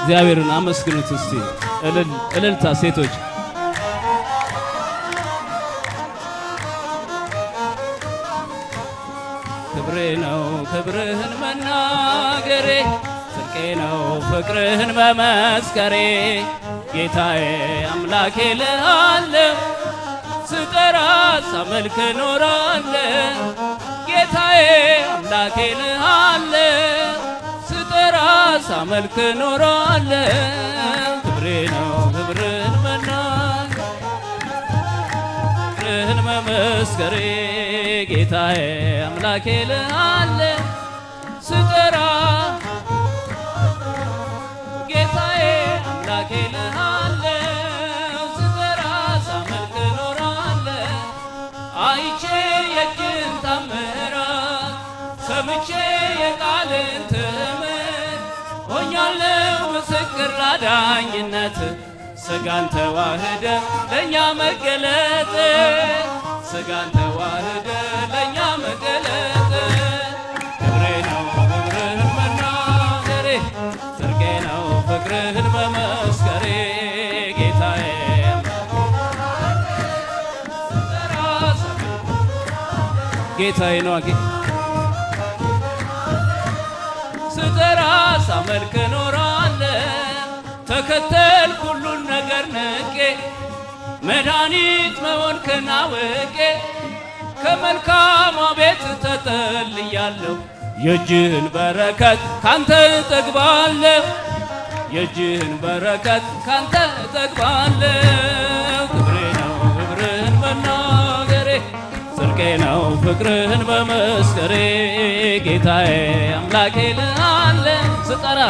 እግዚአብሔርን አመስግኑት እስቲ። እልልታ ሴቶች ክብሬ ነው ክብርህን መናገሬ ጽድቄ ነው ፍቅርህን መመስከሬ ጌታዬ አምላኬ ልሃለው ስጠራ ሳመልክ ኖራለ ጌታዬ አምላኬ ልሃለ ስጠራ ሳመልክ ኖራለ ክብሬ ነው ክብርን መናኝ ክብርህን መመስከሬ ጌታዬ አምላኬ ልሃለ ስጠራ ትምህርት ሆኛለሁ ምስክር ላዳኝነት ስጋን ተዋህደ ለእኛ መገለጥ ስጋን ተዋህደ ለእኛ መገለጥ ክብሬ ነው መናገሬ ጽድቄ ነው ፍቅርህን ጌታዬ ጌታዬ ነው ሳመልክ እኖራለሁ ተከተልኩ ሁሉን ነገር ነቄ መድኃኒት መሆንክን አውቄ ከመልካሟ ቤት ተጠልያለሁ የእጅህን በረከት ካንተ እጠግባለሁ የእጅህን በረከት ካንተ እጠግባለሁ ጽድቄ ነው ፍቅርህን በመስከሬ ጌታዬ አምላኬ ልአለ ስጠራ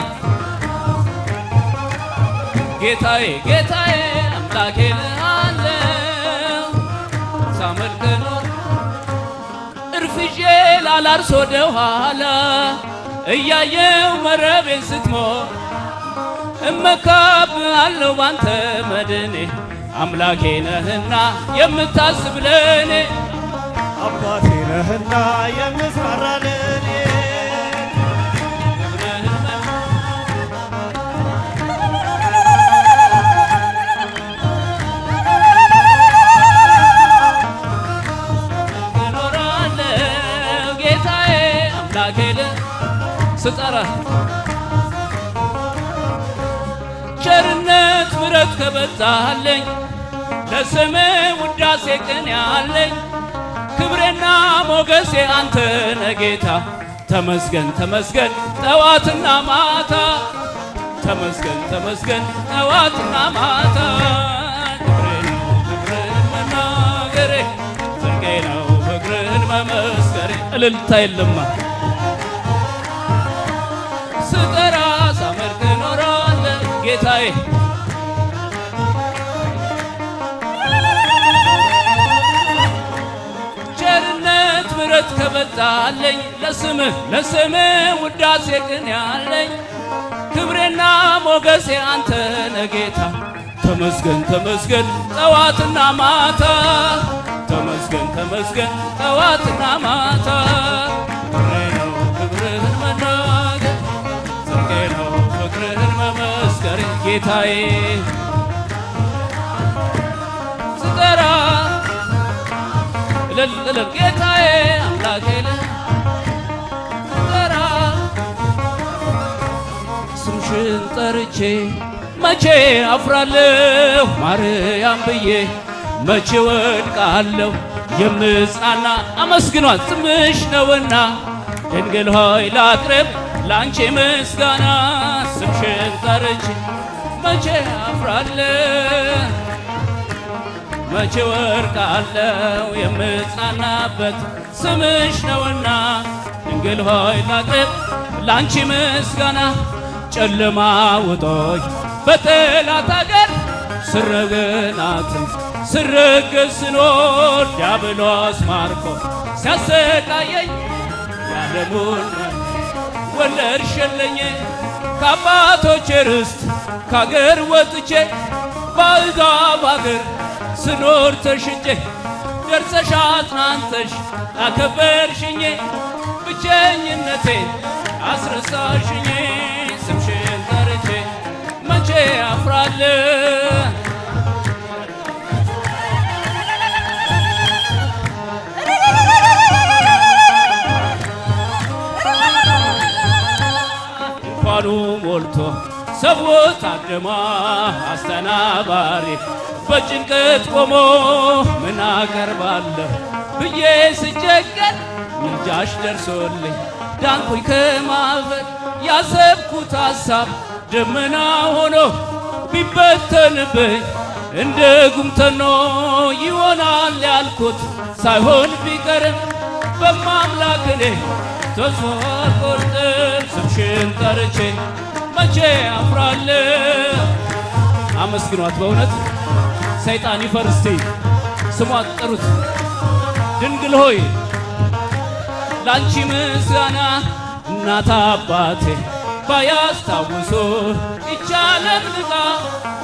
ጌታዬ ጌታዬ አምላኬ ልአለ ሳመልክ እርፍዤ ላላርስ ወደ ኋላ እያየው መረቤን ስትሞር እመካብ ባንተ መድኔ አምላኬ ነህና የምታስብለኔ አባቴ ነህና የምስራራ ለኔ ስጠራ ቸርነት ምረት ከበዛለኝ ለስሜ ውዳሴ ቅን ያለኝ ክብሬና ሞገሴ አንተ ነህ ተመስገን ተመስገን ጠዋትና ማታ ተመስገን ተመስገን ጠዋትና ማታ ክብሬ ነው ፍቅርን መናገሬ ጽድቄ ነው ፍቅርን መመስከሬ እልልታ የለማ ስጠራ ሳመርክ እኖራለሁ ጌታዬ ሕይወት ከበዛለኝ ለስምህ ለስምህ ውዳሴ ቅን ያለኝ ክብሬና ሞገሴ አንተ ነጌታ ተመስገን ተመስገን ጠዋትና ማታ ተመስገን ተመስገን ጠዋትና ማታ ነው ክብርህን መናገር ነው ፍቅርህን ጌታዬ ልበል ጌታዬ አምላኬ ልጠራ ስምሽን ጠርቼ መቼ አፍራለሁ ማርያም ብዬ መቼ ወድቃለሁ የምጻና አመስግኗት ስምሽ ነውና ድንግል ሆይ ላቅርብ ላንቺ ምስጋና ስምሽን ጠርቼ መቼ አፍራለሁ መቼ ወርቃለው የምጽናናበት ስምሽ ነውና ድንግል ሆይ ላቅርብ ላንቺ ምስጋና ጨለማ ውጦኝ በጠላት አገር ስረግናትን ስርግ ስኖር ዲያብሎስ ማርኮ ሲያሰቃየኝ ያለሙን ወለድሽልኝ ከአባቶቼ ርስት ከአገር ወጥቼ ባዕዛብ አገር ስኖር ተሽጬ ደርሰሽ አጽናንተሽ አከበርሽኝ ብቸኝነቴ አስረሳሽኝ ስምሽን ጠርቼ መቼ አፍራለ እንኳኑ ሞልቶ ሰዎች አደማ አስተናባሪ በጭንቀት ቆሞ ምን አቀርባለሁ ብዬ ስቸገር ምልጃሽ ደርሶልኝ ዳንኩኝ ከማፈር ያሰብኩት ሐሳብ ደመና ሆኖ ቢበተንብኝ እንደ ጉምተኖ ይሆናል ያልኩት ሳይሆን ቢቀርም በማምላክ እኔ ተስፋ አልቆርጥም። ስምሽን ጠርቼ መቼ አፍራለሁ። አመስግኗት በእውነት ሰይጣን ይፈርስቴ ስሟ ጥሩት ድንግል ሆይ ላንቺ ምስጋና እናት አባቴ ባያስታውሶ ይቻለም ልቃ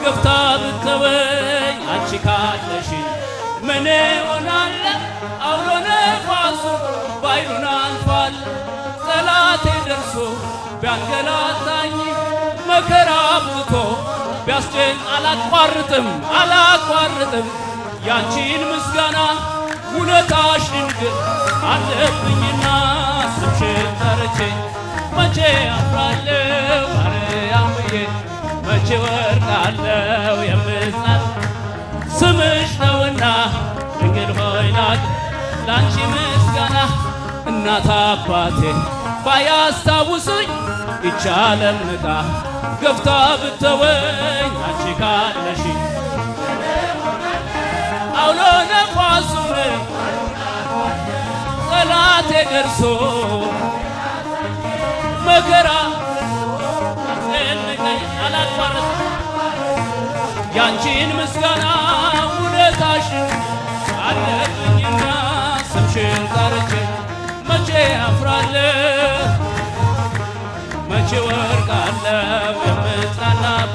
ገፍታ ብትተወኝ አንቺ ካለሽ ምን ሆናለ አውሎ ነፋሱ ባይሉን አልፏል ጠላቴ ደርሶ ቢያንገላታኝ መከራ ብቶ ቢያስችል አላቋርጥም አላቋርጥም ያንቺን ምስጋና ውለታሽ ድንቅ አለብኝና ስምሽን ጠርቼ መቼ አፍራለሁ አርያምዬ መቼ ወርዳለሁ የምጽናት ስምሽ ነውና ድንግል ሆይ ናት ላንቺ ምስጋና እናት አባቴ ባያስታውስኝ ይቻለም ገፍታ ብተወኝ አንቺ ካለሽ አውሎ ነፋሱ ጠላቴ ደርሶ መከራ አስጨንቀኝ ያንቺን ምስጋና ውለታሽ አለብኝና ስምሽን ጠርቼ መቼ አፍራለሁ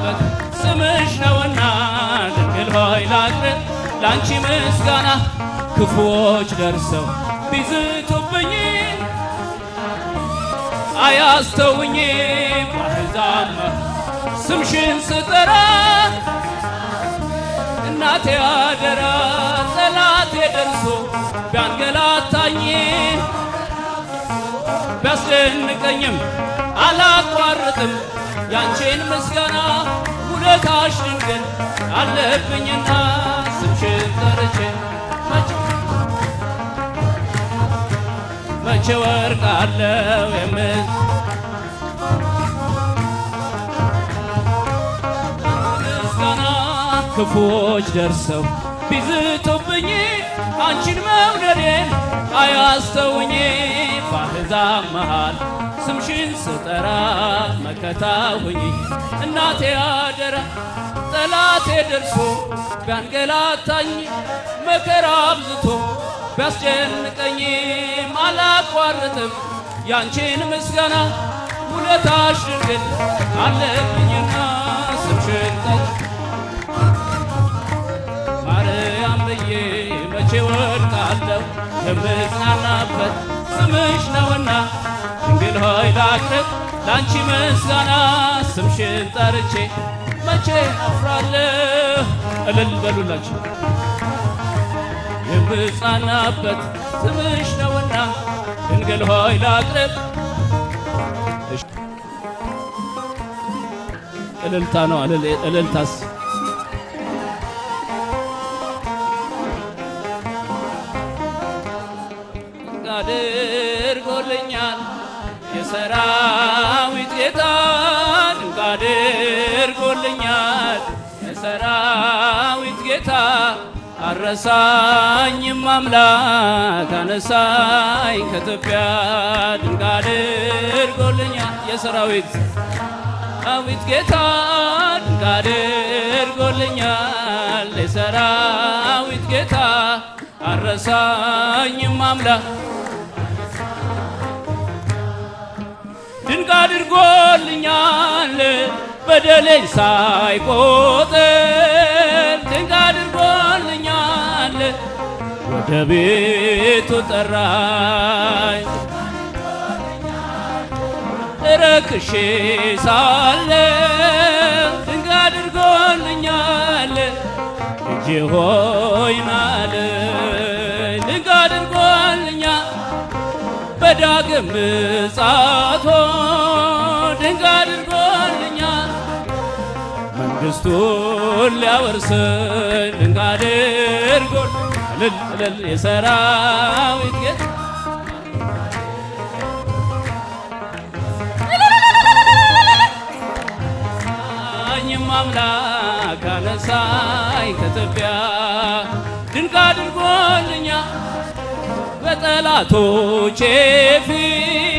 መለወጥ ስምሽ ነውና ድንግል ሆይ ላቅርብ ላንቺ ምስጋና ክፉዎች ደርሰው ቢዝቱብኝ አያስተውኝ ባሕዛብ ስምሽን ስጠራ እናቴ አደራ ጠላቴ ደርሶ ቢያንገላታኝ ቢያስደንቀኝም አላቋርጥም ያንቺን ምስጋና ውለታሽ ድንግል አለብኝና ስምሽን ጠርቼ መቼ ወርቃለው የምል ምስጋና ክፉዎች ደርሰው ቢዝቶብኝ አንቺን መውደዴን አያስተውኝ ባሕዛብ መሃል ስምሽን ስጠራ መከታውኝ እናቴ አደራ ጠላቴ ደርሶ ቢያንገላታኝ መከራ አብዝቶ ቢያስጨንቀኝ አላቋርጥም ያንቺን ምስጋና ውለታሽ ድንግል አለብኝ የምጽናናበት ስምሽ ነውና ድንግል ሆይ ላቅርብ ላንቺ ምስጋና ስምሽን ጠርቼ መቼ አፍራለሁ። እልል በሉላችሁ የምጽናናበት ስምሽ ነውና ድንግል ሆይ ላቅርብ። እልልታ ነው እልልታስ አድርጎልኛል የሰራዊት ጌታ ድንቅ አድርጎልኛል የሰራዊት ጌታ አረሳኝም አምላክ አነሳኝ ከኢትዮጵያ ድንቅ አድርጎልኛል የሰራዊት ዊት ጌታ ድንቅ አድርጎልኛል የሰራዊት ጌታ አረሳኝም አምላክ አድርጎልኛል በደሌ ሳይቆጥር ድንቅ አድርጎልኛል። ወደ ቤቱ ጠራኝ ረክሼ ሳለ ድንቅ አድርጎልኛል። ልጄ ሆይ ና ድንቅ አድርጎልኛል በዳግም ምጽአቱ ርስቱን ሊያወርሰን ድንቅ አድርጎን እልል እልል የሰራዊት ጌታ እኛም አምላክ አነሳኝ ከትቢያ ድንቅ አድርጎልኛ በጠላቶቼ ፊት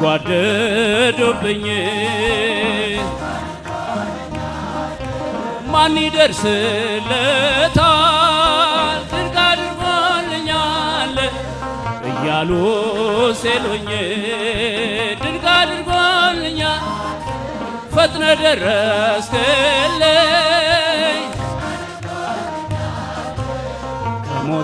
ጓደዶብኝ ማን ይደርስለታል ድርቅ አድርጎልኛል እያሉ ሴሎኝ ድርቅ አድርጎልኛል ፈጥነ ደረስክልኝ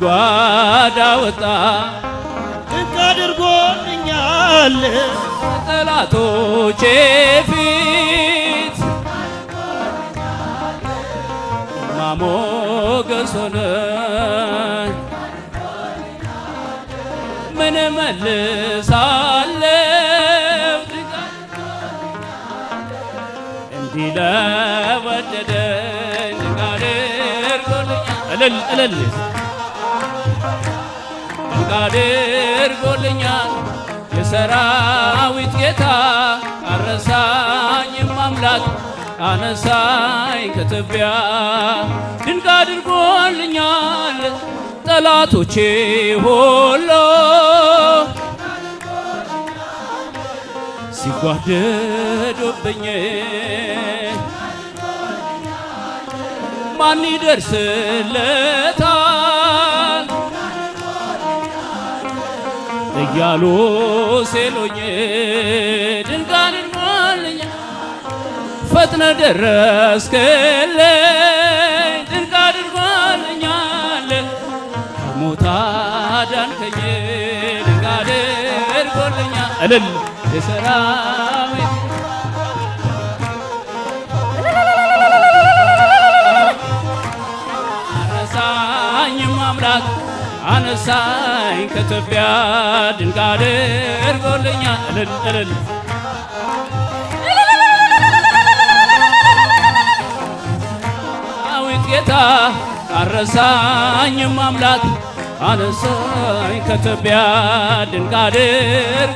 ከጉድጓድ አወጣ ድንቅ አድርጎልኛል ጠላቶቼ ፊት ግርማ ሞገስ ምን እመልሳለሁ እንዲህ ለወደደኝ እልል እልል ድንቅ አድርጎልኛል የሰራዊት ጌታ አረሳኝም አምላክ አነሳኝ ከትቢያ ድንቅ አድርጎልኛል ጠላቶቼ ሁሉ ሲጓደዶብኝ ማን ይደርስለት እያሉ ሴሎኝ ድንጋንን ሞልኛ ፈጥነ ደረስክልኝ ድንቅ አድርጎልኛል ከሞት አዳንከኝ ድንቅ አድርጎልኛል እልል የሰራዊት ረሳኝም አምላክ አነሳኝ ከኢትዮጵያ ድንቅ አድርጎልኛል እልል እልል አቤት ጌታ አረሳኝም አምላክ አነሳኝ ከኢትዮጵያ ድንቅ አድርጎልኛል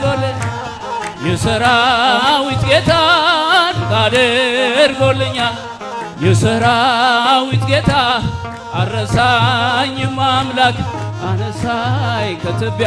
የሰራዊት ጌታ ድንቅ አድርጎልኛል የሰራዊት ጌታ አረሳኝም አምላክ አነሳይ ከትቢያ